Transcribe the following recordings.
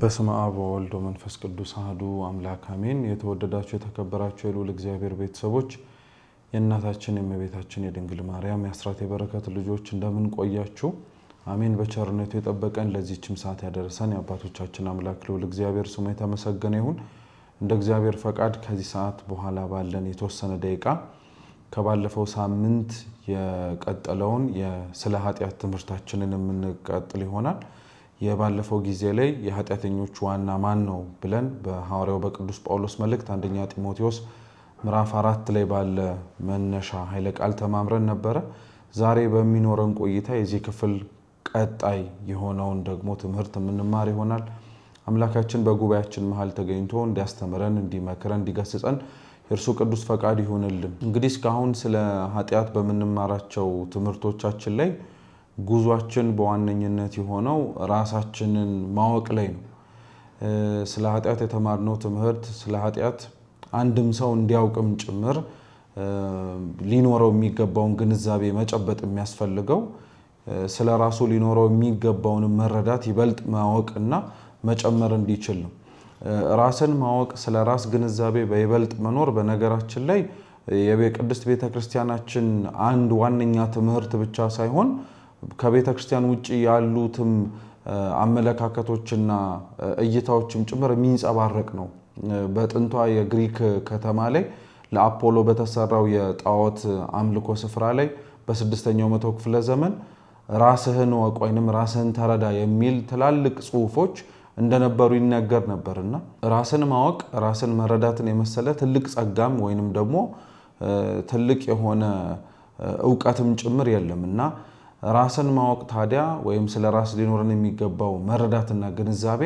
በስመ አብ ወወልድ ወመንፈስ ቅዱስ አህዱ አምላክ አሜን። የተወደዳቸው የተከበራቸው የልዑል እግዚአብሔር ቤተሰቦች የእናታችን የእመቤታችን የድንግል ማርያም የአስራት የበረከት ልጆች እንደምን ቆያችሁ? አሜን። በቸርነቱ የጠበቀን ለዚችም ሰዓት ያደረሰን የአባቶቻችን አምላክ ልዑል እግዚአብሔር ስሙ የተመሰገነ ይሁን። እንደ እግዚአብሔር ፈቃድ ከዚህ ሰዓት በኋላ ባለን የተወሰነ ደቂቃ ከባለፈው ሳምንት የቀጠለውን ስለ ኃጢአት ትምህርታችንን የምንቀጥል ይሆናል። የባለፈው ጊዜ ላይ የኃጢአተኞች ዋና ማን ነው ብለን በሐዋርያው በቅዱስ ጳውሎስ መልእክት አንደኛ ጢሞቴዎስ ምዕራፍ አራት ላይ ባለ መነሻ ኃይለ ቃል ተማምረን ነበረ። ዛሬ በሚኖረን ቆይታ የዚህ ክፍል ቀጣይ የሆነውን ደግሞ ትምህርት የምንማር ይሆናል። አምላካችን በጉባኤያችን መሀል ተገኝቶ እንዲያስተምረን፣ እንዲመክረን፣ እንዲገስጸን የእርሱ ቅዱስ ፈቃድ ይሆንልን። እንግዲህ እስካሁን ስለ ኃጢአት በምንማራቸው ትምህርቶቻችን ላይ ጉዟችን በዋነኝነት የሆነው ራሳችንን ማወቅ ላይ ነው። ስለ ኃጢአት የተማርነው ትምህርት ስለ ኃጢአት አንድም ሰው እንዲያውቅም ጭምር ሊኖረው የሚገባውን ግንዛቤ መጨበጥ የሚያስፈልገው ስለ ራሱ ሊኖረው የሚገባውን መረዳት ይበልጥ ማወቅና መጨመር እንዲችል ነው። ራስን ማወቅ ስለ ራስ ግንዛቤ በይበልጥ መኖር በነገራችን ላይ የቅድስት ቤተክርስቲያናችን አንድ ዋነኛ ትምህርት ብቻ ሳይሆን ከቤተ ክርስቲያን ውጭ ያሉትም አመለካከቶችና እይታዎችም ጭምር የሚንጸባረቅ ነው። በጥንቷ የግሪክ ከተማ ላይ ለአፖሎ በተሰራው የጣዖት አምልኮ ስፍራ ላይ በስድስተኛው መቶ ክፍለ ዘመን ራስህን ወቅ ወይም ራስህን ተረዳ የሚል ትላልቅ ጽሁፎች እንደነበሩ ይነገር ነበር እና ራስን ማወቅ ራስን መረዳትን የመሰለ ትልቅ ጸጋም ወይንም ደግሞ ትልቅ የሆነ እውቀትም ጭምር የለም እና ራስን ማወቅ ታዲያ ወይም ስለ ራስ ሊኖረን የሚገባው መረዳትና ግንዛቤ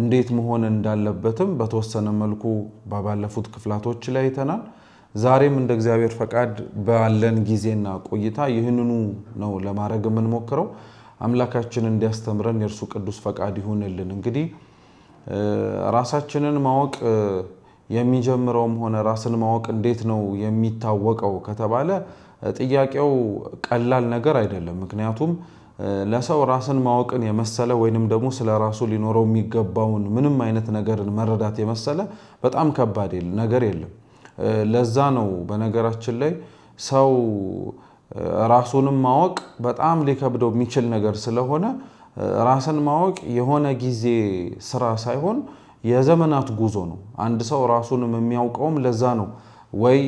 እንዴት መሆን እንዳለበትም በተወሰነ መልኩ ባለፉት ክፍላቶች ላይ አይተናል። ዛሬም እንደ እግዚአብሔር ፈቃድ ባለን ጊዜና ቆይታ ይህንኑ ነው ለማድረግ የምንሞክረው። አምላካችን እንዲያስተምረን የእርሱ ቅዱስ ፈቃድ ይሁንልን። እንግዲህ ራሳችንን ማወቅ የሚጀምረውም ሆነ ራስን ማወቅ እንዴት ነው የሚታወቀው ከተባለ ጥያቄው ቀላል ነገር አይደለም። ምክንያቱም ለሰው ራስን ማወቅን የመሰለ ወይንም ደግሞ ስለ ራሱ ሊኖረው የሚገባውን ምንም አይነት ነገርን መረዳት የመሰለ በጣም ከባድ ነገር የለም። ለዛ ነው በነገራችን ላይ ሰው ራሱንም ማወቅ በጣም ሊከብደው የሚችል ነገር ስለሆነ ራስን ማወቅ የሆነ ጊዜ ስራ ሳይሆን የዘመናት ጉዞ ነው። አንድ ሰው ራሱንም የሚያውቀውም ለዛ ነው ወይ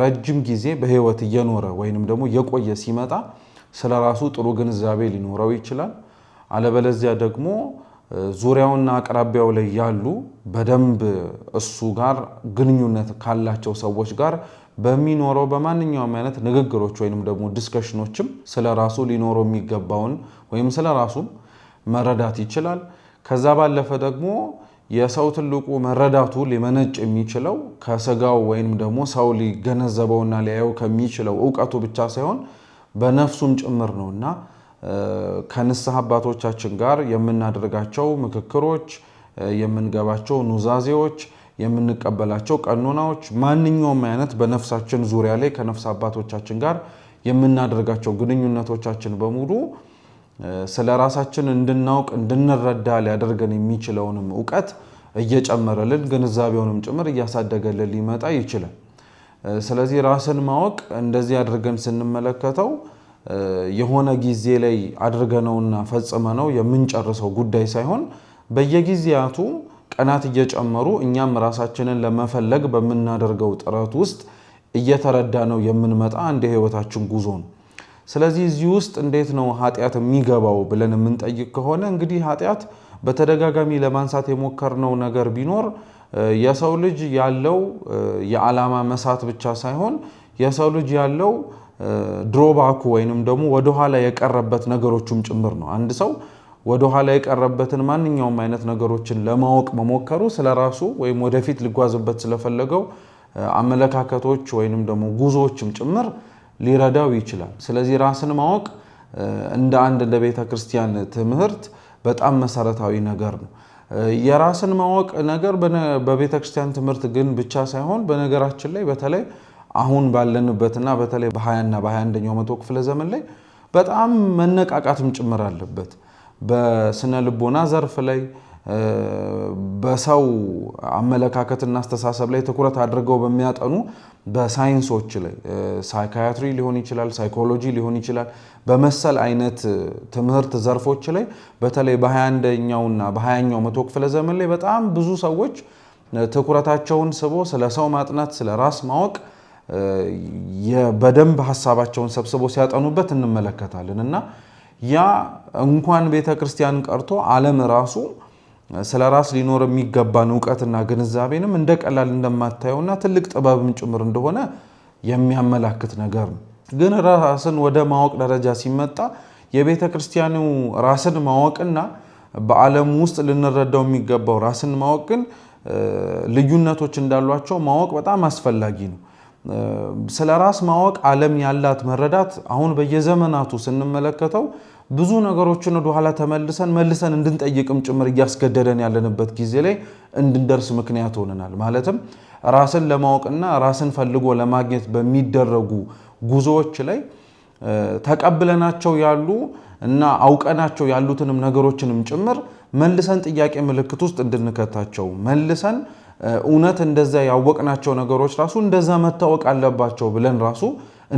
ረጅም ጊዜ በህይወት እየኖረ ወይንም ደግሞ የቆየ ሲመጣ ስለ ራሱ ጥሩ ግንዛቤ ሊኖረው ይችላል። አለበለዚያ ደግሞ ዙሪያውና አቅራቢያው ላይ ያሉ በደንብ እሱ ጋር ግንኙነት ካላቸው ሰዎች ጋር በሚኖረው በማንኛውም አይነት ንግግሮች ወይንም ደግሞ ዲስከሽኖችም ስለ ራሱ ሊኖረው የሚገባውን ወይም ስለ ራሱም መረዳት ይችላል። ከዛ ባለፈ ደግሞ የሰው ትልቁ መረዳቱ ሊመነጭ የሚችለው ከስጋው ወይም ደግሞ ሰው ሊገነዘበውና ሊያየው ከሚችለው እውቀቱ ብቻ ሳይሆን በነፍሱም ጭምር ነው እና ከንስሐ አባቶቻችን ጋር የምናደርጋቸው ምክክሮች፣ የምንገባቸው ኑዛዜዎች፣ የምንቀበላቸው ቀኖናዎች፣ ማንኛውም አይነት በነፍሳችን ዙሪያ ላይ ከነፍስ አባቶቻችን ጋር የምናደርጋቸው ግንኙነቶቻችን በሙሉ ስለ ራሳችን እንድናውቅ እንድንረዳ ሊያደርገን የሚችለውንም እውቀት እየጨመረልን ግንዛቤውንም ጭምር እያሳደገልን ሊመጣ ይችላል። ስለዚህ ራስን ማወቅ እንደዚህ አድርገን ስንመለከተው የሆነ ጊዜ ላይ አድርገነውና ፈጽመነው የምንጨርሰው ጉዳይ ሳይሆን በየጊዜያቱ ቀናት እየጨመሩ እኛም ራሳችንን ለመፈለግ በምናደርገው ጥረት ውስጥ እየተረዳ ነው የምንመጣ አንድ የህይወታችን ጉዞ ነው። ስለዚህ እዚህ ውስጥ እንዴት ነው ኃጢአት የሚገባው ብለን የምንጠይቅ ከሆነ እንግዲህ ኃጢአት በተደጋጋሚ ለማንሳት የሞከርነው ነገር ቢኖር የሰው ልጅ ያለው የዓላማ መሳት ብቻ ሳይሆን የሰው ልጅ ያለው ድሮባኩ ወይንም ደግሞ ወደኋላ የቀረበት ነገሮቹም ጭምር ነው። አንድ ሰው ወደኋላ የቀረበትን ማንኛውም አይነት ነገሮችን ለማወቅ መሞከሩ ስለራሱ ወይም ወደፊት ሊጓዝበት ስለፈለገው አመለካከቶች ወይንም ደግሞ ጉዞዎችም ጭምር ሊረዳው ይችላል። ስለዚህ ራስን ማወቅ እንደ አንድ እንደ ቤተ ክርስቲያን ትምህርት በጣም መሰረታዊ ነገር ነው። የራስን ማወቅ ነገር በቤተ ክርስቲያን ትምህርት ግን ብቻ ሳይሆን በነገራችን ላይ በተለይ አሁን ባለንበትና በተለይ በሀያና በሀያ መቶ ክፍለ ዘመን ላይ በጣም መነቃቃትም ጭምር አለበት በስነ ልቦና ዘርፍ ላይ በሰው አመለካከትና አስተሳሰብ ላይ ትኩረት አድርገው በሚያጠኑ በሳይንሶች ላይ ሳይካያትሪ ሊሆን ይችላል፣ ሳይኮሎጂ ሊሆን ይችላል፣ በመሰል አይነት ትምህርት ዘርፎች ላይ በተለይ በ21ኛውና በ20ኛው መቶ ክፍለ ዘመን ላይ በጣም ብዙ ሰዎች ትኩረታቸውን ስቦ ስለ ሰው ማጥናት ስለ ራስ ማወቅ በደንብ ሀሳባቸውን ሰብስቦ ሲያጠኑበት እንመለከታለን እና ያ እንኳን ቤተ ክርስቲያን ቀርቶ ዓለም ራሱ ስለ ራስ ሊኖር የሚገባን እውቀትና ግንዛቤንም እንደ ቀላል እንደማታየውና ትልቅ ጥበብም ጭምር እንደሆነ የሚያመላክት ነገር ነው። ግን ራስን ወደ ማወቅ ደረጃ ሲመጣ የቤተ ክርስቲያኑ ራስን ማወቅና በዓለም ውስጥ ልንረዳው የሚገባው ራስን ማወቅ ግን ልዩነቶች እንዳሏቸው ማወቅ በጣም አስፈላጊ ነው። ስለ ራስ ማወቅ ዓለም ያላት መረዳት አሁን በየዘመናቱ ስንመለከተው ብዙ ነገሮችን ወደኋላ ተመልሰን መልሰን እንድንጠይቅም ጭምር እያስገደደን ያለንበት ጊዜ ላይ እንድንደርስ ምክንያት ሆነናል። ማለትም ራስን ለማወቅና ራስን ፈልጎ ለማግኘት በሚደረጉ ጉዞዎች ላይ ተቀብለናቸው ያሉ እና አውቀናቸው ያሉትንም ነገሮችንም ጭምር መልሰን ጥያቄ ምልክት ውስጥ እንድንከታቸው መልሰን እውነት እንደዛ ያወቅናቸው ነገሮች ራሱ እንደዛ መታወቅ አለባቸው ብለን ራሱ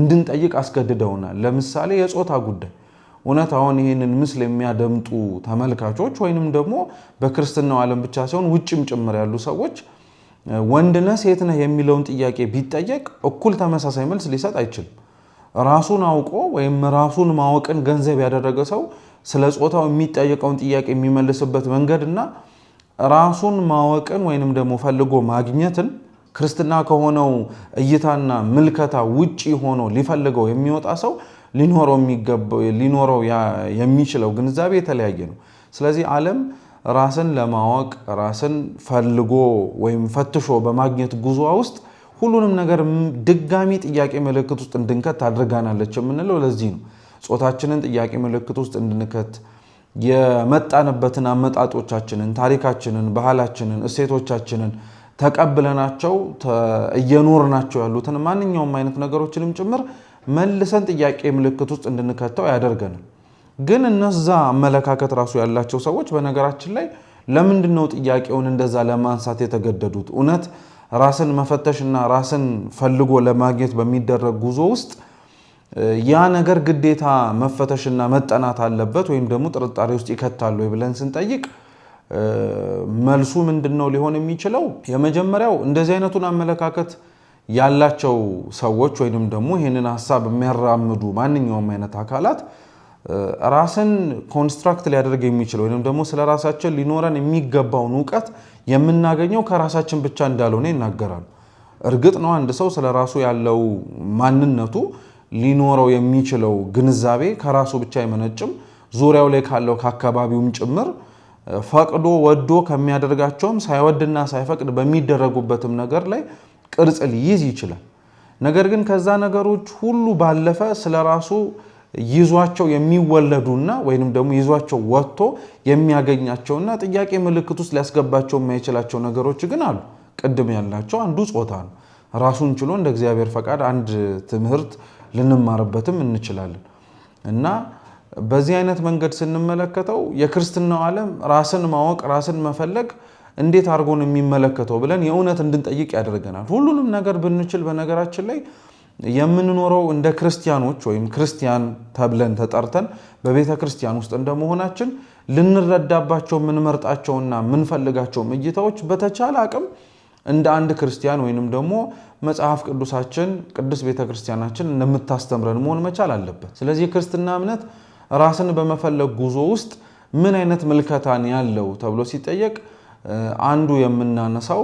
እንድንጠይቅ አስገድደውናል። ለምሳሌ የጾታ ጉዳይ እውነት አሁን ይህንን ምስል የሚያደምጡ ተመልካቾች ወይንም ደግሞ በክርስትናው ዓለም ብቻ ሳይሆን ውጭም ጭምር ያሉ ሰዎች ወንድ ነህ ሴት ነህ የሚለውን ጥያቄ ቢጠየቅ እኩል ተመሳሳይ መልስ ሊሰጥ አይችልም። ራሱን አውቆ ወይም ራሱን ማወቅን ገንዘብ ያደረገ ሰው ስለ ጾታው የሚጠየቀውን ጥያቄ የሚመልስበት መንገድ እና ራሱን ማወቅን ወይንም ደግሞ ፈልጎ ማግኘትን ክርስትና ከሆነው እይታና ምልከታ ውጪ ሆኖ ሊፈልገው የሚወጣ ሰው ሊኖረው የሚገባው ሊኖረው የሚችለው ግንዛቤ የተለያየ ነው። ስለዚህ ዓለም ራስን ለማወቅ ራስን ፈልጎ ወይም ፈትሾ በማግኘት ጉዞ ውስጥ ሁሉንም ነገር ድጋሚ ጥያቄ ምልክት ውስጥ እንድንከት አድርጋናለች የምንለው ለዚህ ነው። ጾታችንን ጥያቄ ምልክት ውስጥ እንድንከት የመጣንበትን አመጣጦቻችንን፣ ታሪካችንን፣ ባህላችንን፣ እሴቶቻችንን ተቀብለናቸው እየኖርናቸው ያሉትን ማንኛውም አይነት ነገሮችንም ጭምር መልሰን ጥያቄ ምልክት ውስጥ እንድንከተው ያደርገናል። ግን እነዛ አመለካከት ራሱ ያላቸው ሰዎች በነገራችን ላይ ለምንድን ነው ጥያቄውን እንደዛ ለማንሳት የተገደዱት? እውነት ራስን መፈተሽ እና ራስን ፈልጎ ለማግኘት በሚደረግ ጉዞ ውስጥ ያ ነገር ግዴታ መፈተሽና መጠናት አለበት ወይም ደግሞ ጥርጣሬ ውስጥ ይከታሉ ወይ ብለን ስንጠይቅ መልሱ ምንድን ነው ሊሆን የሚችለው? የመጀመሪያው እንደዚህ አይነቱን አመለካከት ያላቸው ሰዎች ወይንም ደግሞ ይህንን ሀሳብ የሚያራምዱ ማንኛውም አይነት አካላት ራስን ኮንስትራክት ሊያደርግ የሚችል ወይም ደግሞ ስለ ራሳችን ሊኖረን የሚገባውን እውቀት የምናገኘው ከራሳችን ብቻ እንዳልሆነ ይናገራሉ። እርግጥ ነው አንድ ሰው ስለ ራሱ ያለው ማንነቱ ሊኖረው የሚችለው ግንዛቤ ከራሱ ብቻ አይመነጭም። ዙሪያው ላይ ካለው ከአካባቢውም ጭምር ፈቅዶ ወዶ ከሚያደርጋቸውም ሳይወድና ሳይፈቅድ በሚደረጉበትም ነገር ላይ ቅርጽ ሊይዝ ይችላል። ነገር ግን ከዛ ነገሮች ሁሉ ባለፈ ስለ ራሱ ይዟቸው የሚወለዱና ወይንም ደግሞ ይዟቸው ወጥቶ የሚያገኛቸውና ጥያቄ ምልክት ውስጥ ሊያስገባቸው የማይችላቸው ነገሮች ግን አሉ። ቅድም ያልናቸው አንዱ ጾታ ነው። ራሱን ችሎ እንደ እግዚአብሔር ፈቃድ አንድ ትምህርት ልንማርበትም እንችላለን እና በዚህ አይነት መንገድ ስንመለከተው የክርስትናው ዓለም ራስን ማወቅ፣ ራስን መፈለግ እንዴት አድርጎን የሚመለከተው ብለን የእውነት እንድንጠይቅ ያደርገናል። ሁሉንም ነገር ብንችል በነገራችን ላይ የምንኖረው እንደ ክርስቲያኖች ወይም ክርስቲያን ተብለን ተጠርተን በቤተ ክርስቲያን ውስጥ እንደመሆናችን ልንረዳባቸው የምንመርጣቸውና የምንፈልጋቸው እይታዎች በተቻለ አቅም እንደ አንድ ክርስቲያን ወይንም ደግሞ መጽሐፍ ቅዱሳችን ቅዱስ ቤተ ክርስቲያናችን እንደምታስተምረን መሆን መቻል አለበት። ስለዚህ የክርስትና እምነት ራስን በመፈለግ ጉዞ ውስጥ ምን አይነት ምልከታን ያለው ተብሎ ሲጠየቅ አንዱ የምናነሳው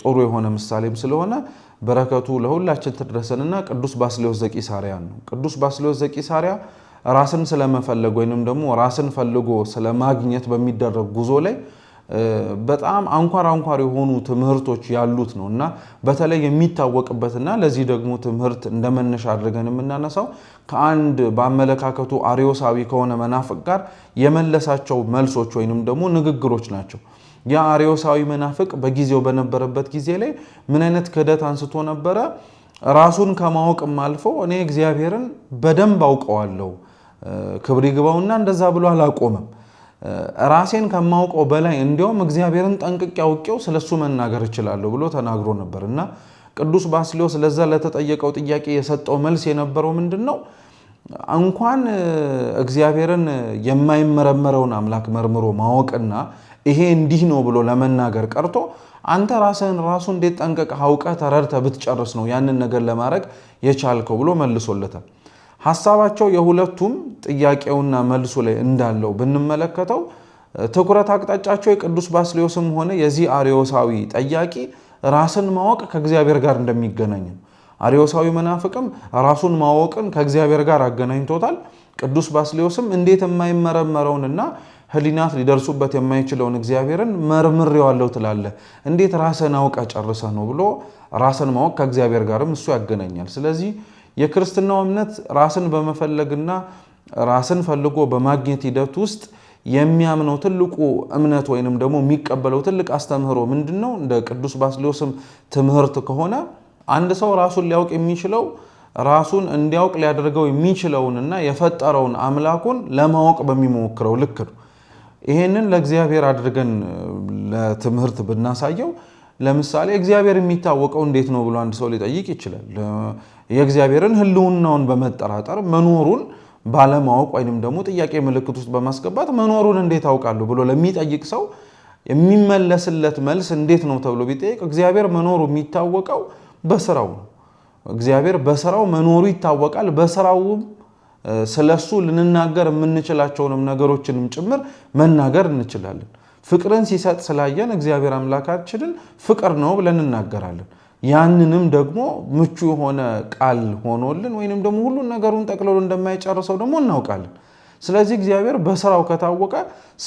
ጥሩ የሆነ ምሳሌም ስለሆነ በረከቱ ለሁላችን ትድረሰንና ቅዱስ ባስልዮስ ዘቂሳርያን ነው። ቅዱስ ባስልዮስ ዘቂሳርያ ራስን ስለመፈለግ ወይንም ደግሞ ራስን ፈልጎ ስለማግኘት በሚደረግ ጉዞ ላይ በጣም አንኳር አንኳር የሆኑ ትምህርቶች ያሉት ነው እና በተለይ የሚታወቅበትና ለዚህ ደግሞ ትምህርት እንደመነሻ አድርገን የምናነሳው ከአንድ በአመለካከቱ አሪዮሳዊ ከሆነ መናፍቅ ጋር የመለሳቸው መልሶች ወይንም ደግሞ ንግግሮች ናቸው። ያ አርዮሳዊ መናፍቅ በጊዜው በነበረበት ጊዜ ላይ ምን አይነት ክህደት አንስቶ ነበረ? ራሱን ከማወቅም አልፎ እኔ እግዚአብሔርን በደንብ አውቀዋለሁ፣ ክብር ይግባውና እንደዛ ብሎ አላቆመም። ራሴን ከማውቀው በላይ እንዲያውም እግዚአብሔርን ጠንቅቄ አውቄው ስለሱ መናገር እችላለሁ ብሎ ተናግሮ ነበር እና ቅዱስ ባስልዮስ ለዛ ለተጠየቀው ጥያቄ የሰጠው መልስ የነበረው ምንድን ነው? እንኳን እግዚአብሔርን የማይመረመረውን አምላክ መርምሮ ማወቅና ይሄ እንዲህ ነው ብሎ ለመናገር ቀርቶ አንተ ራስህን ራሱ እንዴት ጠንቀቅህ አውቀህ ተረድተህ ብትጨርስ ነው ያንን ነገር ለማድረግ የቻልከው ብሎ መልሶለታል። ሀሳባቸው የሁለቱም ጥያቄውና መልሱ ላይ እንዳለው ብንመለከተው ትኩረት አቅጣጫቸው የቅዱስ ባስሌዮስም ሆነ የዚህ አርዮሳዊ ጠያቂ ራስን ማወቅ ከእግዚአብሔር ጋር እንደሚገናኝ ነው። አርዮሳዊ መናፍቅም ራሱን ማወቅን ከእግዚአብሔር ጋር አገናኝቶታል። ቅዱስ ባስሌዮስም እንዴት የማይመረመረውንና ህሊናት ሊደርሱበት የማይችለውን እግዚአብሔርን መርምሬዋለሁ ትላለህ። እንዴት ራስን አውቀ ጨርሰህ ነው ብሎ ራስን ማወቅ ከእግዚአብሔር ጋርም እሱ ያገናኛል። ስለዚህ የክርስትናው እምነት ራስን በመፈለግና ራስን ፈልጎ በማግኘት ሂደት ውስጥ የሚያምነው ትልቁ እምነት ወይንም ደግሞ የሚቀበለው ትልቅ አስተምህሮ ምንድን ነው? እንደ ቅዱስ ባስሌዎስም ትምህርት ከሆነ አንድ ሰው ራሱን ሊያውቅ የሚችለው ራሱን እንዲያውቅ ሊያደርገው የሚችለውንና የፈጠረውን አምላኩን ለማወቅ በሚሞክረው ልክ ነው። ይሄንን ለእግዚአብሔር አድርገን ለትምህርት ብናሳየው ለምሳሌ እግዚአብሔር የሚታወቀው እንዴት ነው ብሎ አንድ ሰው ሊጠይቅ ይችላል። የእግዚአብሔርን ሕልውናውን በመጠራጠር መኖሩን ባለማወቅ ወይንም ደግሞ ጥያቄ ምልክት ውስጥ በማስገባት መኖሩን እንዴት አውቃሉ ብሎ ለሚጠይቅ ሰው የሚመለስለት መልስ እንዴት ነው ተብሎ ቢጠይቅ እግዚአብሔር መኖሩ የሚታወቀው በስራው ነው። እግዚአብሔር በስራው መኖሩ ይታወቃል። በስራውም ስለሱ ልንናገር የምንችላቸውንም ነገሮችንም ጭምር መናገር እንችላለን። ፍቅርን ሲሰጥ ስላየን እግዚአብሔር አምላካችንን ፍቅር ነው ብለን እናገራለን። ያንንም ደግሞ ምቹ የሆነ ቃል ሆኖልን ወይንም ደግሞ ሁሉን ነገሩን ጠቅልሎ እንደማይጨርሰው ደግሞ እናውቃለን። ስለዚህ እግዚአብሔር በስራው ከታወቀ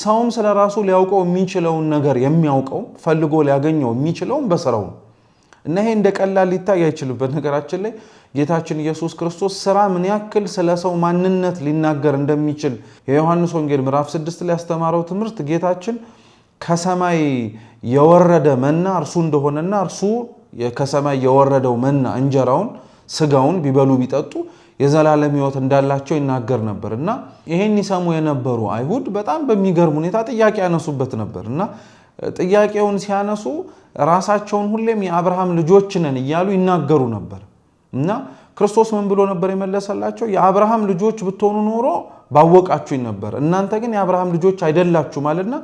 ሰውም ስለ ራሱ ሊያውቀው የሚችለውን ነገር የሚያውቀው ፈልጎ ሊያገኘው የሚችለውም በስራው ነው እና ይሄ እንደ ቀላል ሊታይ አይችልም። በነገራችን ላይ ጌታችን ኢየሱስ ክርስቶስ ስራ ምን ያክል ስለ ሰው ማንነት ሊናገር እንደሚችል የዮሐንስ ወንጌል ምዕራፍ 6 ላይ ያስተማረው ትምህርት ጌታችን ከሰማይ የወረደ መና እርሱ እንደሆነና እርሱ ከሰማይ የወረደው መና እንጀራውን ስጋውን ቢበሉ ቢጠጡ የዘላለም ሕይወት እንዳላቸው ይናገር ነበር እና ይሄን ይሰሙ የነበሩ አይሁድ በጣም በሚገርም ሁኔታ ጥያቄ ያነሱበት ነበር እና ጥያቄውን ሲያነሱ ራሳቸውን ሁሌም የአብርሃም ልጆች ነን እያሉ ይናገሩ ነበር። እና ክርስቶስ ምን ብሎ ነበር የመለሰላቸው? የአብርሃም ልጆች ብትሆኑ ኖሮ ባወቃችሁኝ ነበር፣ እናንተ ግን የአብርሃም ልጆች አይደላችሁ ማለትና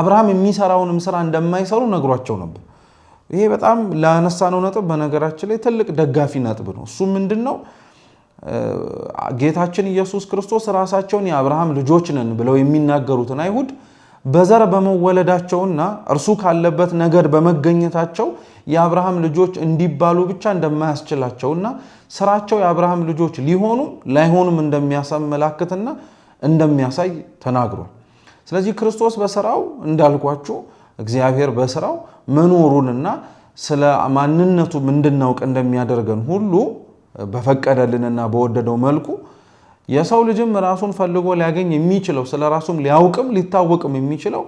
አብርሃም የሚሰራውንም ስራ እንደማይሰሩ ነግሯቸው ነበር። ይሄ በጣም ላነሳነው ነጥብ በነገራችን ላይ ትልቅ ደጋፊ ነጥብ ነው። እሱ ምንድን ነው? ጌታችን ኢየሱስ ክርስቶስ ራሳቸውን የአብርሃም ልጆች ነን ብለው የሚናገሩትን አይሁድ በዘር በመወለዳቸውና እርሱ ካለበት ነገድ በመገኘታቸው የአብርሃም ልጆች እንዲባሉ ብቻ እንደማያስችላቸውና ስራቸው የአብርሃም ልጆች ሊሆኑም ላይሆኑም እንደሚያመላክትና እንደሚያሳይ ተናግሯል። ስለዚህ ክርስቶስ በስራው እንዳልኳችሁ እግዚአብሔር በስራው መኖሩንና ስለ ማንነቱ እንድናውቅ እንደሚያደርገን ሁሉ በፈቀደልንና በወደደው መልኩ የሰው ልጅም ራሱን ፈልጎ ሊያገኝ የሚችለው ስለ ራሱም ሊያውቅም ሊታወቅም የሚችለው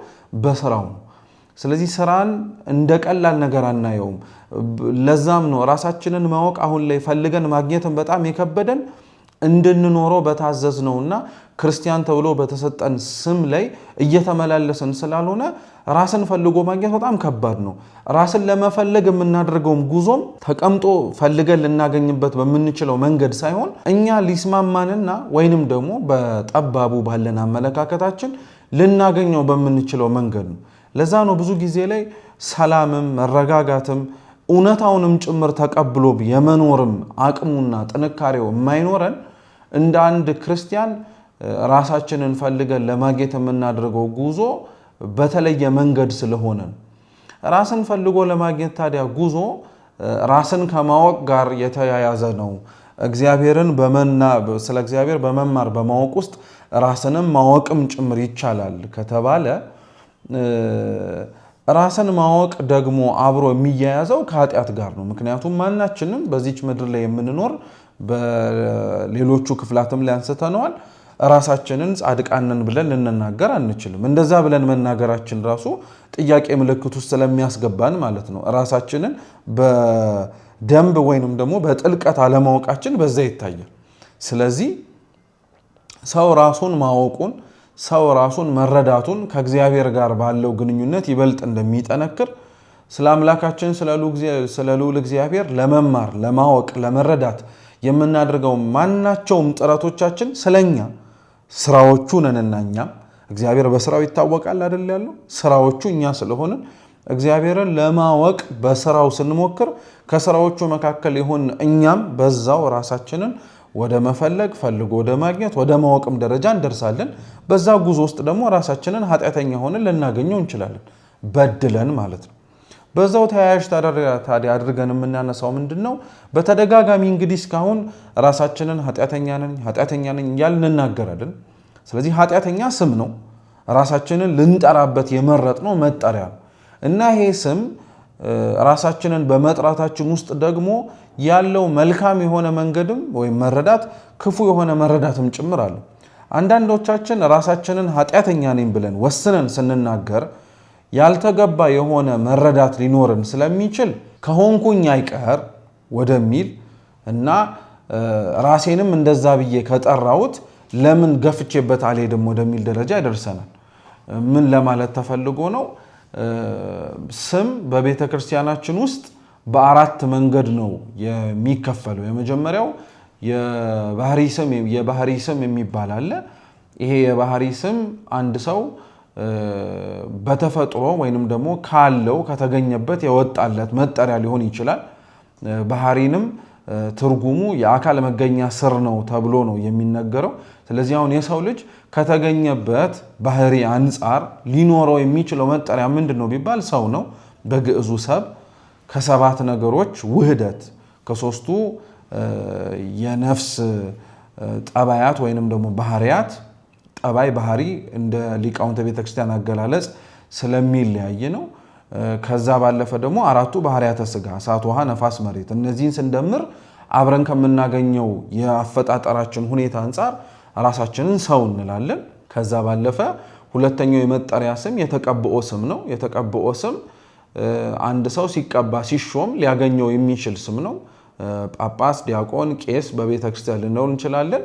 በስራው ነው። ስለዚህ ስራን እንደ ቀላል ነገር አናየውም። ለዛም ነው ራሳችንን ማወቅ አሁን ላይ ፈልገን ማግኘትን በጣም የከበደን እንድንኖረው በታዘዝ ነውና ክርስቲያን ተብሎ በተሰጠን ስም ላይ እየተመላለስን ስላልሆነ ራስን ፈልጎ ማግኘት በጣም ከባድ ነው። ራስን ለመፈለግ የምናደርገውም ጉዞም ተቀምጦ ፈልገን ልናገኝበት በምንችለው መንገድ ሳይሆን እኛ ሊስማማንና ወይንም ደግሞ በጠባቡ ባለን አመለካከታችን ልናገኘው በምንችለው መንገድ ነው። ለዛ ነው ብዙ ጊዜ ላይ ሰላምም መረጋጋትም እውነታውንም ጭምር ተቀብሎ የመኖርም አቅሙና ጥንካሬው የማይኖረን እንደ አንድ ክርስቲያን ራሳችንን ፈልገን ለማግኘት የምናደርገው ጉዞ በተለየ መንገድ ስለሆነ ራስን ፈልጎ ለማግኘት ታዲያ ጉዞ ራስን ከማወቅ ጋር የተያያዘ ነው። እግዚአብሔርን ስለ እግዚአብሔር በመማር በማወቅ ውስጥ ራስንም ማወቅም ጭምር ይቻላል ከተባለ ራስን ማወቅ ደግሞ አብሮ የሚያያዘው ከኃጢአት ጋር ነው። ምክንያቱም ማናችንም በዚች ምድር ላይ የምንኖር በሌሎቹ ክፍላትም ላይ አንስተነዋል። ራሳችንን ጻድቃንን ብለን ልንናገር አንችልም። እንደዛ ብለን መናገራችን ራሱ ጥያቄ ምልክት ውስጥ ስለሚያስገባን ማለት ነው። ራሳችንን በደንብ ወይንም ደግሞ በጥልቀት አለማወቃችን በዛ ይታያል። ስለዚህ ሰው ራሱን ማወቁን ሰው ራሱን መረዳቱን ከእግዚአብሔር ጋር ባለው ግንኙነት ይበልጥ እንደሚጠነክር ስለ አምላካችን ስለ ልዑል እግዚአብሔር ለመማር ለማወቅ ለመረዳት የምናደርገው ማናቸውም ጥረቶቻችን ስለኛ ስራዎቹ ነንና እኛም እግዚአብሔር በስራው ይታወቃል አይደል ያለው ስራዎቹ እኛ ስለሆንን እግዚአብሔርን ለማወቅ በስራው ስንሞክር ከስራዎቹ መካከል ይሁን እኛም በዛው ራሳችንን ወደ መፈለግ ፈልጎ ወደ ማግኘት ወደ ማወቅም ደረጃ እንደርሳለን። በዛ ጉዞ ውስጥ ደግሞ ራሳችንን ኃጢአተኛ ሆነን ልናገኘው እንችላለን፣ በድለን ማለት ነው። በዛው ተያያዥ ታዲያ አድርገን የምናነሳው ምንድን ነው? በተደጋጋሚ እንግዲህ እስካሁን ራሳችንን ኃጢአተኛ ነኝ ኃጢአተኛ ነኝ እያልን ስለዚህ ኃጢአተኛ ስም ነው፣ ራሳችንን ልንጠራበት የመረጥነው መጠሪያ ነው እና ይሄ ስም ራሳችንን በመጥራታችን ውስጥ ደግሞ ያለው መልካም የሆነ መንገድም ወይም መረዳት ክፉ የሆነ መረዳትም ጭምር አለ። አንዳንዶቻችን ራሳችንን ኃጢአተኛ ነኝ ብለን ወስነን ስንናገር ያልተገባ የሆነ መረዳት ሊኖርን ስለሚችል ከሆንኩኝ አይቀር ወደሚል እና ራሴንም እንደዛ ብዬ ከጠራሁት ለምን ገፍቼበት አልሄድም ወደሚል ደረጃ ይደርሰናል። ምን ለማለት ተፈልጎ ነው? ስም በቤተ ክርስቲያናችን ውስጥ በአራት መንገድ ነው የሚከፈለው። የመጀመሪያው የባህሪ ስም የባህሪ ስም የሚባል አለ። ይሄ የባህሪ ስም አንድ ሰው በተፈጥሮ ወይንም ደግሞ ካለው ከተገኘበት የወጣለት መጠሪያ ሊሆን ይችላል። ባህሪንም ትርጉሙ የአካል መገኛ ስር ነው ተብሎ ነው የሚነገረው። ስለዚህ አሁን የሰው ልጅ ከተገኘበት ባህሪ አንጻር ሊኖረው የሚችለው መጠሪያ ምንድን ነው ቢባል ሰው ነው በግዕዙ ሰብ ከሰባት ነገሮች ውህደት ከሶስቱ የነፍስ ጠባያት ወይንም ደግሞ ባህሪያት ጠባይ ባህሪ እንደ ሊቃውንተ ቤተክርስቲያን አገላለጽ ስለሚለያይ ነው። ከዛ ባለፈ ደግሞ አራቱ ባህሪያተ ስጋ እሳት፣ ውሃ፣ ነፋስ፣ መሬት እነዚህን ስንደምር አብረን ከምናገኘው የአፈጣጠራችን ሁኔታ አንጻር ራሳችንን ሰው እንላለን። ከዛ ባለፈ ሁለተኛው የመጠሪያ ስም የተቀብኦ ስም ነው። የተቀብኦ ስም አንድ ሰው ሲቀባ ሲሾም ሊያገኘው የሚችል ስም ነው። ጳጳስ፣ ዲያቆን፣ ቄስ በቤተ ክርስቲያን ልንለው እንችላለን።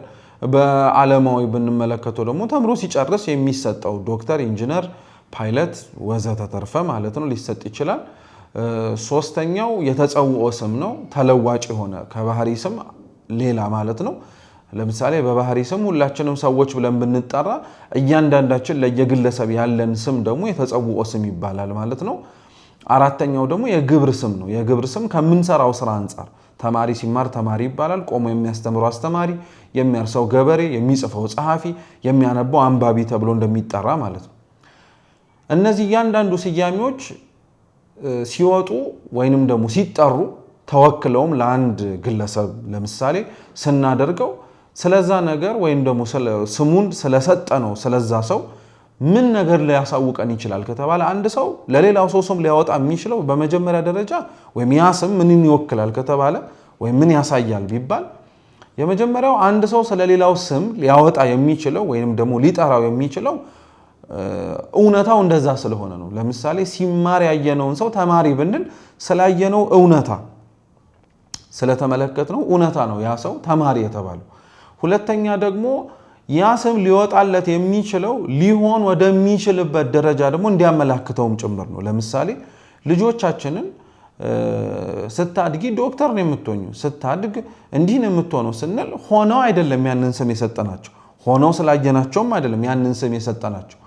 በዓለማዊ ብንመለከተው ደግሞ ተምሮ ሲጨርስ የሚሰጠው ዶክተር፣ ኢንጂነር፣ ፓይለት ወዘተተርፈ ማለት ነው ሊሰጥ ይችላል። ሶስተኛው የተጸውኦ ስም ነው። ተለዋጭ የሆነ ከባህሪ ስም ሌላ ማለት ነው። ለምሳሌ በባህሪ ስም ሁላችንም ሰዎች ብለን ብንጠራ እያንዳንዳችን ለየግለሰብ ያለን ስም ደግሞ የተጸውኦ ስም ይባላል ማለት ነው። አራተኛው ደግሞ የግብር ስም ነው። የግብር ስም ከምንሰራው ስራ አንጻር ተማሪ ሲማር ተማሪ ይባላል። ቆሞ የሚያስተምረው አስተማሪ፣ የሚያርሰው ገበሬ፣ የሚጽፈው ጸሐፊ፣ የሚያነባው አንባቢ ተብሎ እንደሚጠራ ማለት ነው። እነዚህ እያንዳንዱ ስያሜዎች ሲወጡ ወይንም ደግሞ ሲጠሩ ተወክለውም ለአንድ ግለሰብ ለምሳሌ ስናደርገው ስለዛ ነገር ወይም ደግሞ ስሙን ስለሰጠ ነው ስለዛ ሰው ምን ነገር ሊያሳውቀን ይችላል ከተባለ አንድ ሰው ለሌላው ሰው ስም ሊያወጣ የሚችለው በመጀመሪያ ደረጃ ወይም ያ ስም ምንን ይወክላል ከተባለ ወይም ምን ያሳያል ቢባል የመጀመሪያው አንድ ሰው ስለሌላው ስም ሊያወጣ የሚችለው ወይም ደግሞ ሊጠራው የሚችለው እውነታው እንደዛ ስለሆነ ነው። ለምሳሌ ሲማር ያየነውን ሰው ተማሪ ብንል ስላየነው እውነታ ስለተመለከትነው እውነታ ነው ያ ሰው ተማሪ የተባለው። ሁለተኛ ደግሞ ያ ስም ሊወጣለት የሚችለው ሊሆን ወደሚችልበት ደረጃ ደግሞ እንዲያመላክተውም ጭምር ነው። ለምሳሌ ልጆቻችንን ስታድጊ ዶክተር ነው የምትሆኙ፣ ስታድግ እንዲህ ነው የምትሆነው ስንል ሆነው አይደለም ያንን ስም የሰጠናቸው፣ ሆነው ስላየናቸውም አይደለም ያንን ስም የሰጠናቸው።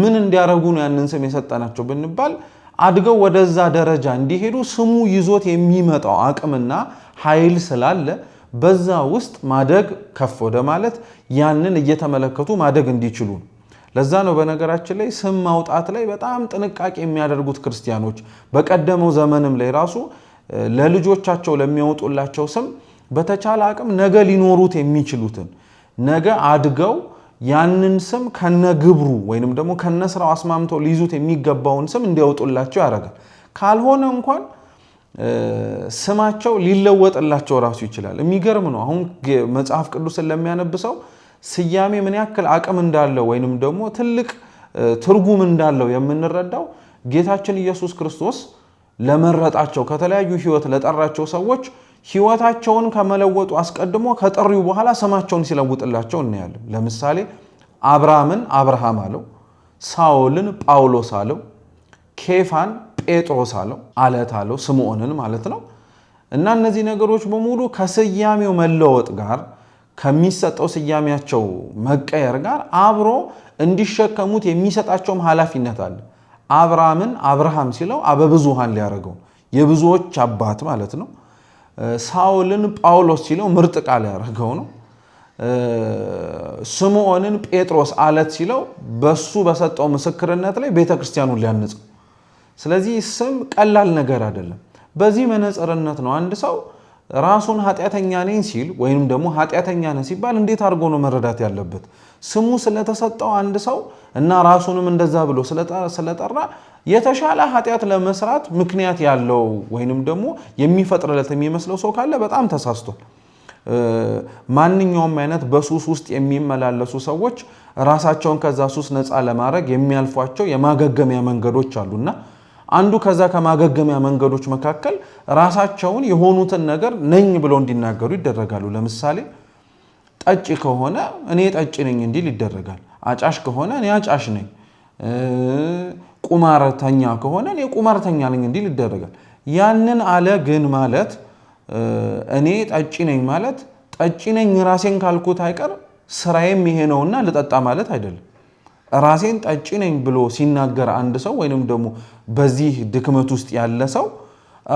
ምን እንዲያረጉ ነው ያንን ስም የሰጠናቸው ብንባል አድገው ወደዛ ደረጃ እንዲሄዱ ስሙ ይዞት የሚመጣው አቅምና ኃይል ስላለ በዛ ውስጥ ማደግ ከፍ ወደ ማለት ያንን እየተመለከቱ ማደግ እንዲችሉ ነው። ለዛ ነው በነገራችን ላይ ስም ማውጣት ላይ በጣም ጥንቃቄ የሚያደርጉት ክርስቲያኖች። በቀደመው ዘመንም ላይ ራሱ ለልጆቻቸው ለሚያወጡላቸው ስም በተቻለ አቅም ነገ ሊኖሩት የሚችሉትን ነገ አድገው ያንን ስም ከነ ግብሩ ወይንም ደግሞ ከነ ስራው አስማምተው ሊይዙት የሚገባውን ስም እንዲያወጡላቸው ያደርጋል። ካልሆነ እንኳን ስማቸው ሊለወጥላቸው ራሱ ይችላል። የሚገርም ነው። አሁን መጽሐፍ ቅዱስን ለሚያነብሰው ስያሜ ምን ያክል አቅም እንዳለው ወይንም ደግሞ ትልቅ ትርጉም እንዳለው የምንረዳው ጌታችን ኢየሱስ ክርስቶስ ለመረጣቸው ከተለያዩ ሕይወት ለጠራቸው ሰዎች ሕይወታቸውን ከመለወጡ አስቀድሞ ከጥሪው በኋላ ስማቸውን ሲለውጥላቸው እናያለን። ለምሳሌ አብርሃምን አብርሃም አለው፣ ሳውልን ጳውሎስ አለው፣ ኬፋን ጴጥሮስ አለው፣ አለት አለው፣ ስምዖንን ማለት ነው። እና እነዚህ ነገሮች በሙሉ ከስያሜው መለወጥ ጋር ከሚሰጠው ስያሜያቸው መቀየር ጋር አብሮ እንዲሸከሙት የሚሰጣቸውም ኃላፊነት አለ። አብርሃምን አብርሃም ሲለው አበብዙሃን ሊያደርገው የብዙዎች አባት ማለት ነው። ሳውልን ጳውሎስ ሲለው ምርጥ ቃል ሊያደርገው ነው። ስምዖንን ጴጥሮስ አለት ሲለው በሱ በሰጠው ምስክርነት ላይ ቤተክርስቲያኑን ሊያንጽ ስለዚህ ስም ቀላል ነገር አይደለም። በዚህ መነጽርነት ነው አንድ ሰው ራሱን ኃጢአተኛ ነኝ ሲል ወይም ደግሞ ኃጢአተኛ ነህ ሲባል እንዴት አድርጎ ነው መረዳት ያለበት? ስሙ ስለተሰጠው አንድ ሰው እና ራሱንም እንደዛ ብሎ ስለጠራ የተሻለ ኃጢአት ለመስራት ምክንያት ያለው ወይንም ደግሞ የሚፈጥርለት የሚመስለው ሰው ካለ በጣም ተሳስቷል። ማንኛውም አይነት በሱስ ውስጥ የሚመላለሱ ሰዎች ራሳቸውን ከዛ ሱስ ነፃ ለማድረግ የሚያልፏቸው የማገገሚያ መንገዶች አሉና አንዱ ከዛ ከማገገሚያ መንገዶች መካከል ራሳቸውን የሆኑትን ነገር ነኝ ብለው እንዲናገሩ ይደረጋሉ። ለምሳሌ ጠጪ ከሆነ እኔ ጠጪ ነኝ እንዲል ይደረጋል። አጫሽ ከሆነ እኔ አጫሽ ነኝ፣ ቁማርተኛ ከሆነ እኔ ቁማርተኛ ነኝ እንዲል ይደረጋል። ያንን አለ ግን ማለት እኔ ጠጪ ነኝ ማለት ጠጪ ነኝ ራሴን ካልኩት አይቀር ስራዬም ይሄ ነውና ልጠጣ ማለት አይደለም። ራሴን ጠጪ ነኝ ብሎ ሲናገር አንድ ሰው ወይንም ደግሞ በዚህ ድክመት ውስጥ ያለ ሰው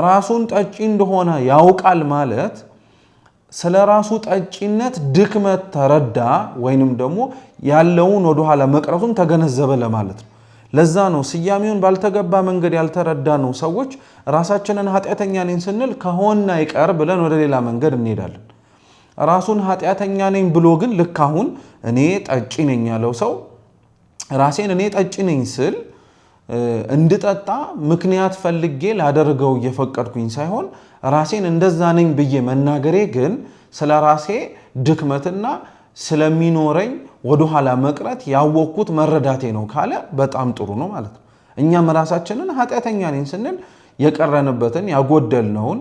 ራሱን ጠጪ እንደሆነ ያውቃል ማለት ስለ ራሱ ጠጪነት ድክመት ተረዳ ወይንም ደግሞ ያለውን ወደኋላ መቅረቱን ተገነዘበ ለማለት ነው። ለዛ ነው ስያሜውን ባልተገባ መንገድ ያልተረዳ ነው ሰዎች ራሳችንን ኃጢአተኛ ነኝ ስንል ከሆና ይቀር ብለን ወደ ሌላ መንገድ እንሄዳለን። ራሱን ኃጢአተኛ ነኝ ብሎ ግን ልክ አሁን እኔ ጠጪ ነኝ ያለው ሰው ራሴን እኔ ጠጭ ነኝ ስል እንድጠጣ ምክንያት ፈልጌ ላደርገው እየፈቀድኩኝ ሳይሆን ራሴን እንደዛ ነኝ ብዬ መናገሬ ግን ስለ ራሴ ድክመትና ስለሚኖረኝ ወደኋላ መቅረት ያወቅኩት መረዳቴ ነው ካለ በጣም ጥሩ ነው ማለት ነው። እኛም ራሳችንን ኃጢአተኛ ነኝ ስንል የቀረንበትን ያጎደልነውን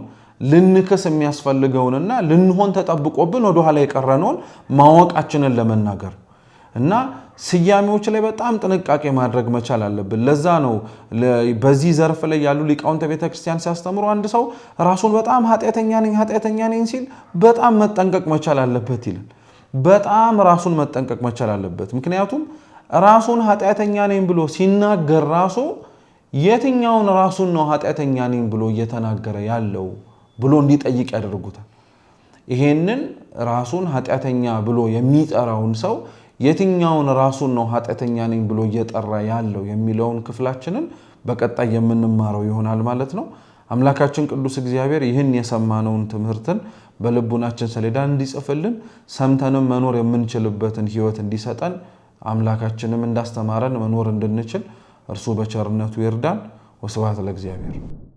ልንክስ የሚያስፈልገውንና ልንሆን ተጠብቆብን ወደኋላ የቀረነውን ማወቃችንን ለመናገር እና ስያሜዎች ላይ በጣም ጥንቃቄ ማድረግ መቻል አለብን። ለዛ ነው በዚህ ዘርፍ ላይ ያሉ ሊቃውንተ ቤተክርስቲያን ሲያስተምሩ አንድ ሰው ራሱን በጣም ኃጢአተኛ ነኝ ኃጢአተኛ ነኝ ሲል በጣም መጠንቀቅ መቻል አለበት ይላል። በጣም ራሱን መጠንቀቅ መቻል አለበት። ምክንያቱም ራሱን ኃጢአተኛ ነኝ ብሎ ሲናገር ራሱ የትኛውን ራሱን ነው ኃጢአተኛ ነኝ ብሎ እየተናገረ ያለው ብሎ እንዲጠይቅ ያደርጉታል። ይሄንን ራሱን ኃጢአተኛ ብሎ የሚጠራውን ሰው የትኛውን ራሱን ነው ኃጢአተኛ ነኝ ብሎ እየጠራ ያለው የሚለውን ክፍላችንን በቀጣይ የምንማረው ይሆናል ማለት ነው። አምላካችን ቅዱስ እግዚአብሔር ይህን የሰማነውን ትምህርትን በልቡናችን ሰሌዳ እንዲጽፍልን ሰምተንም መኖር የምንችልበትን ሕይወት እንዲሰጠን አምላካችንም እንዳስተማረን መኖር እንድንችል እርሱ በቸርነቱ ይርዳን። ወስብሐት ለእግዚአብሔር።